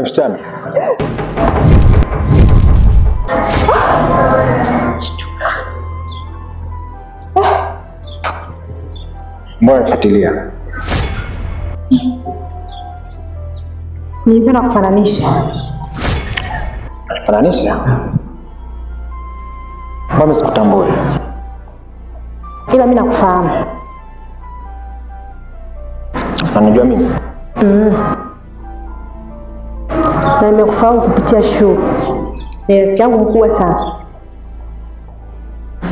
msichana mbona nifuatilia? Nilipenda kufananisha fananisha, mbona sikutambui? Ila mimi nakufahamu, unanijua mimi mm na nimekufahamu kupitia Shuu, ni rafiki yangu mkubwa sana.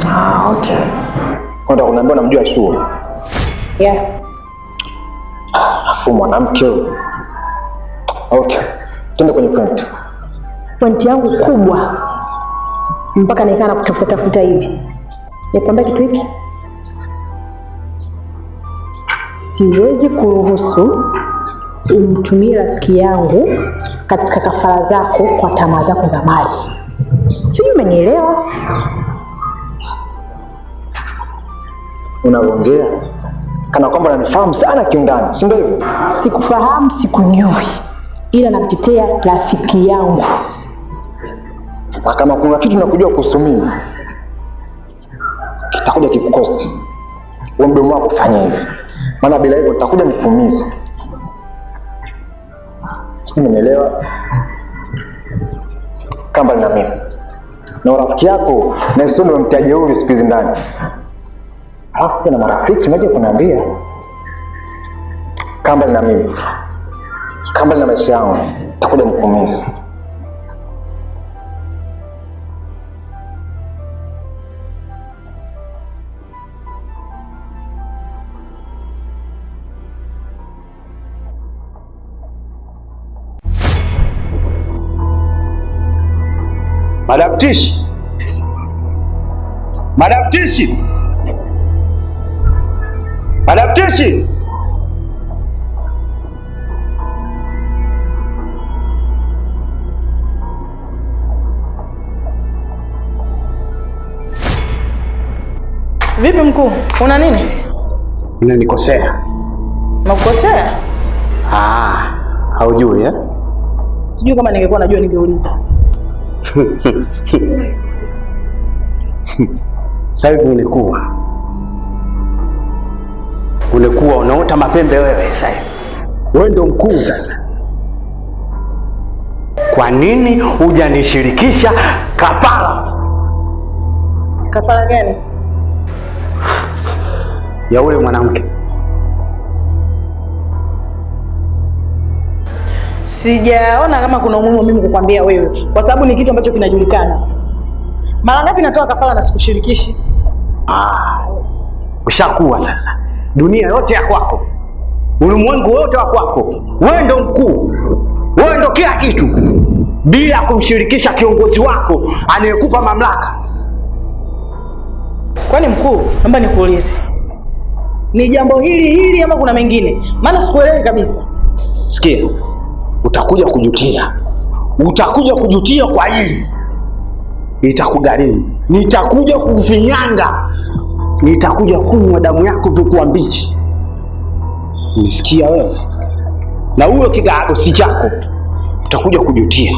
Ah, okay. Kwani unaniambia unamjua Shuu? Yeah. Afu mwanamke Okay. Tuende kwenye point. Point yangu kubwa mpaka na kutafuta tafuta hivi. Nikwambia kitu hiki, siwezi kuruhusu umtumie rafiki yangu katika kafara zako kwa tamaa zako za mali. Sijui umenielewa unavyoongea kana kwamba nanifahamu sana kiundani, si ndio hivyo? Sikufahamu, sikujui, ila namtetea rafiki yangu, na kama kuna kitu nakujua kuhusu mimi kitakuja kikukosti, wewe mdomo wako fanya hivi, maana bila hivyo nitakuja nikuumize. Simenielewa? Kamba na mimi na rafiki yako nasi nimemtaja huyu siku hizi ndani, alafu pia na marafiki naje kuniambia kamba na mimi kamba na maisha yangu takuja mkumiza madaptishi madaptishi madaptishi Vipi mkuu, una nini? Unanikosea? Nakukosea? Ah, haujui eh? Sijui kama ningekuwa najua ningeuliza. Sasa hivi ulikuwa ulikuwa unaota mapembe wewe, sasa wewe ndio mkuu sasa. Kwa nini hujanishirikisha kafara? Kafara gani? ya ule mwanamke sijaona kama kuna umuhimu mimi kukwambia wewe, kwa sababu ni kitu ambacho kinajulikana. Mara ngapi natoa kafara na sikushirikishi? Ah, ushakuwa sasa, dunia yote ya kwako, ulimwengu wote wa kwako, wewe ndo mkuu, wewe ndo kila kitu, bila kumshirikisha kiongozi wako anayekupa mamlaka. Kwani mkuu, naomba nikuulize, ni jambo hili hili ama kuna mengine? Maana sikuelewi kabisa. Sikia utakuja kujutia, utakuja kujutia kwa hili, itakugarimu nitakuja kufinyanga, nitakuja kunywa damu yako vyokuwa mbichi. Nisikia wewe? Na huyo kigaagosi chako utakuja kujutia.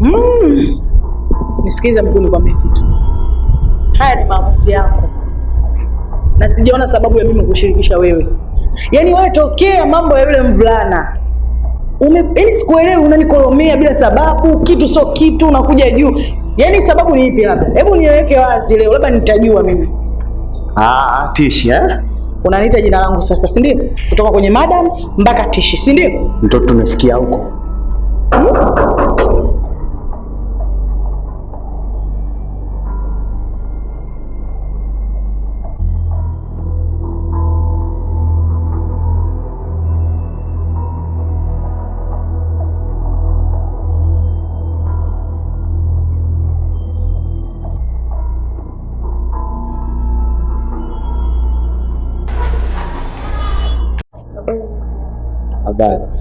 Mm. Nisikize mkuu, nikwambie kitu. Haya ni maamuzi yako, na sijaona sababu ya mimi kushirikisha wewe. Yaani wewe tokea mambo ya yule mvulana ume, yani sikuelewi, unanikoromea bila sababu, kitu sio kitu, unakuja juu. Yani sababu ni ipi? Labda hebu niweke wazi leo, labda nitajua mimi. Ah, ah Tishi eh? Unaniita jina langu sasa, si ndio? Kutoka kwenye madam mpaka Tishi, si ndio? Mtoto tumefikia huko hmm? Habari.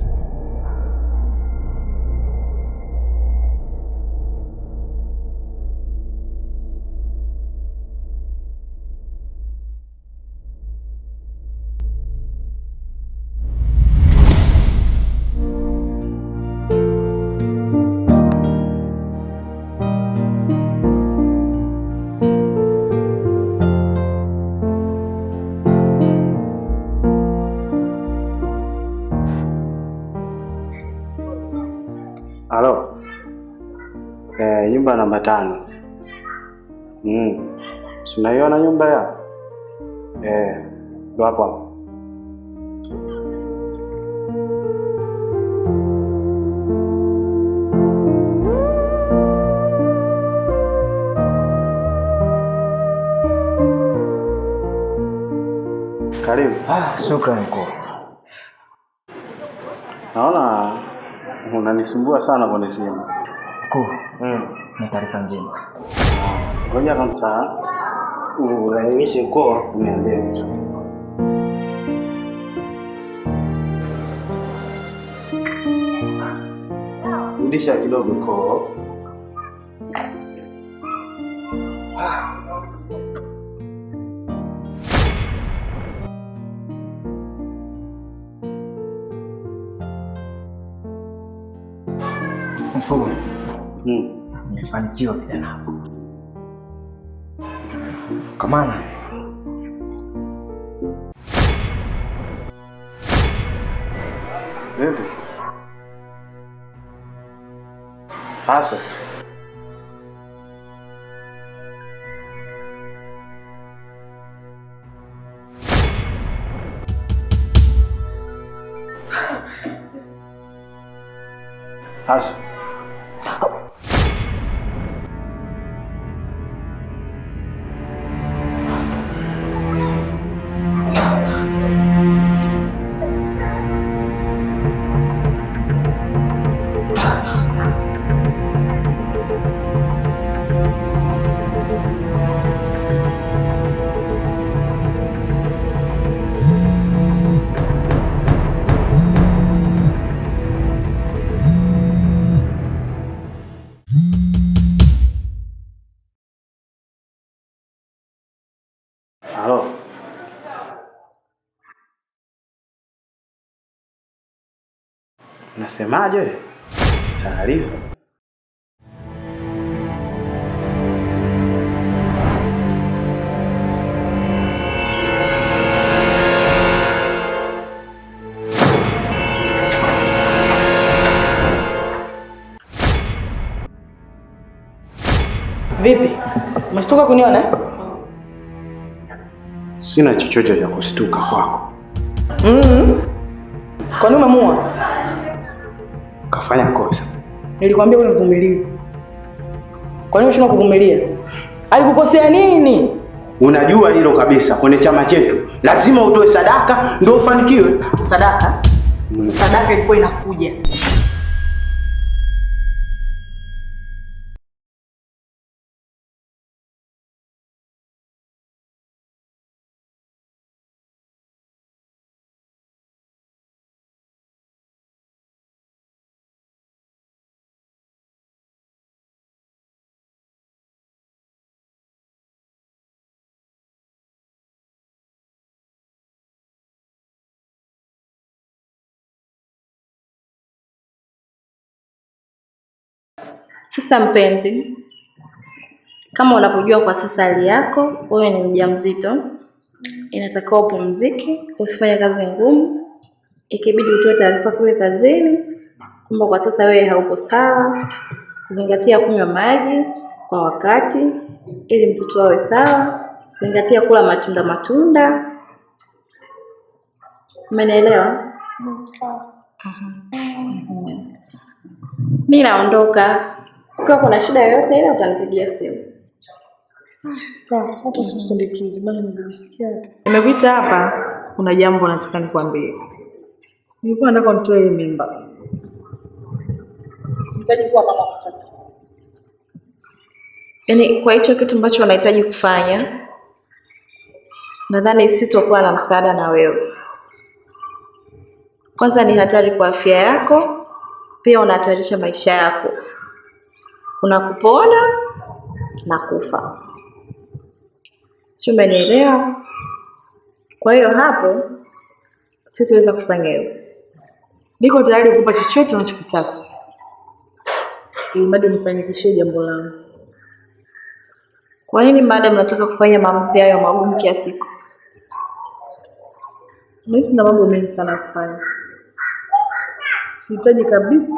namba tano. Mm. Unaiona nyumba ya eh, ndo hapo hapo. Karibu. Ah, shukrani mkuu. Naona unanisumbua sana kwenye simu. Mkuu. Mm na taarifa njema. Ngoja kwanza ulainishe kwa uniambie vizuri. Rudisha kidogo koo. Hmm. Kemana? 没把你救回来了。干嘛呢？Lembra? Passa. Passa. ho Taarifa vipi? Umestuka kuniona? Sina chochote cha kushtuka kwako. mm -hmm. Kwa nini umemua? Kafanya kosa. Nilikwambia wewe mvumilivu. Kwa nini unashindwa kuvumilia? Alikukosea nini? Unajua hilo kabisa. Kwenye chama chetu lazima utoe sadaka ndio ufanikiwe. Sadaka? Mm. Sadaka ilikuwa inakuja Sasa mpenzi, kama unavyojua kwa sasa hali yako wewe ni mjamzito, inatakiwa upumzike, usifanye kazi ngumu. Ikibidi utoe taarifa kule kazini kwamba kwa sasa wewe hauko sawa. Zingatia kunywa maji kwa wakati ili mtoto awe sawa. Zingatia kula matunda matunda, umenielewa? Mimi naondoka. Kwa kuna shida yoyote ile utanipigia simu. Sawa, hata sikusindikizi bali najisikia. Nimekuita hapa, kuna jambo nataka nikwambie. Nilikuwa nataka nitoe mimba. Sihitaji kuwa mama kwa sasa. Yaani kwa hicho kitu ambacho unahitaji kufanya, nadhani sitokuwa na msaada na wewe. Kwanza ni hatari kwa afya yako, pia unahatarisha maisha yako kuna kupona na kufa, sio? Umenielewa? Kwa hiyo hapo sitaweza kufanya hivyo. Niko tayari kukupa chochote unachokitaka ili bado nifanikishie jambo langu. Kwa nini madam nataka kufanya maamuzi hayo magumu kila siku? Mimi sina mambo mengi sana kufanya, sihitaji kabisa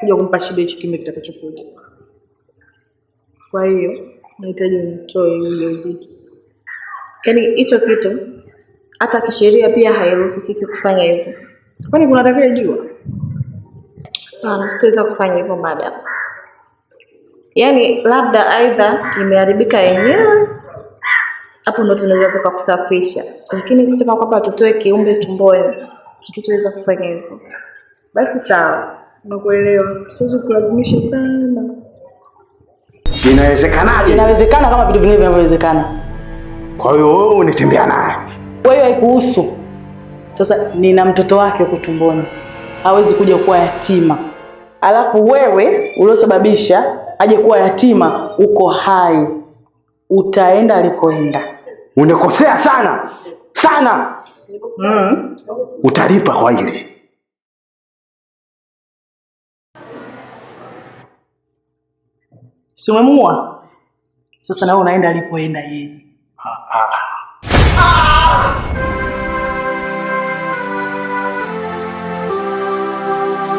kuja kumpa shida hichi kimbe kitakachokuja. Kwa hiyo nahitaji nitoe uzito, Yaani hicho kitu hata kisheria pia hairuhusu sisi kufanya hivyo. Kwani kuna atakayejua? Hapana, sitaweza kufanya hivyo madam. Yaani labda aidha imeharibika yenyewe hapo ndo tunaweza kusafisha, lakini kusema kwamba tutoe kiumbe tumboni hatutaweza kufanya hivyo. Basi sawa nakuelewa, siwezi kulazimisha sana. Inawezekanaje? Inawezekana kama vitu vingine vinavyowezekana. Kwa hiyo wewe unitembea naye, kwa hiyo haikuhusu. Sasa nina mtoto wake huko tumboni, hawezi kuja kuwa yatima, alafu wewe uliosababisha aje kuwa yatima uko hai, utaenda alikoenda. Unakosea sana sana. Mm. Utalipa kwa hili. Si umemuua? Sasa nawe unaenda alipoenda yeye.